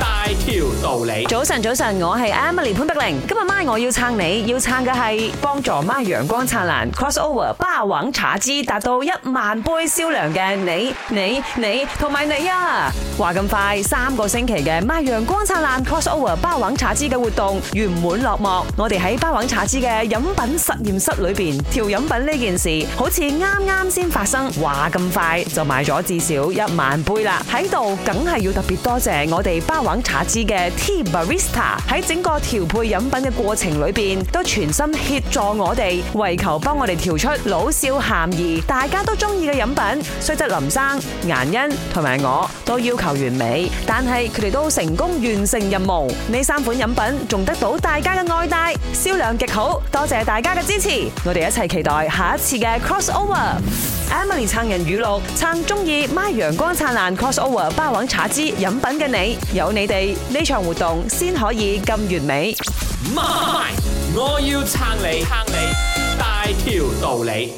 大條道理，早晨早晨，我係 Emily 潘碧玲。今日媽我要撐你，要撐嘅係幫助媽陽光燦爛 cross over 霸王茶姬達到一萬杯銷量嘅你、你、你同埋你啊！話咁快三個星期嘅媽陽光燦爛 cross over 霸王茶姬嘅活動圓滿落幕，我哋喺霸王茶姬嘅飲品實驗室裏邊調飲品呢件事好似啱啱先發生，話咁快就賣咗至少一萬杯啦！喺度梗係要特別多謝我哋霸搵茶嘅 tea barista 喺整個調配飲品嘅過程裏邊都全心協助我哋，為求幫我哋調出老少咸宜、大家都中意嘅飲品。雖則林生、顏欣同埋我都要求完美，但係佢哋都成功完成任務。呢三款飲品仲得到大家嘅愛戴，銷量極好。多謝大家嘅支持，我哋一齊期待下一次嘅 cross over。Emily 撐人語錄，撐中意買陽光燦爛 cross over 霸王茶枝飲品嘅你，有你哋呢場活動先可以咁完美我。我要撐你，撐你大條道理。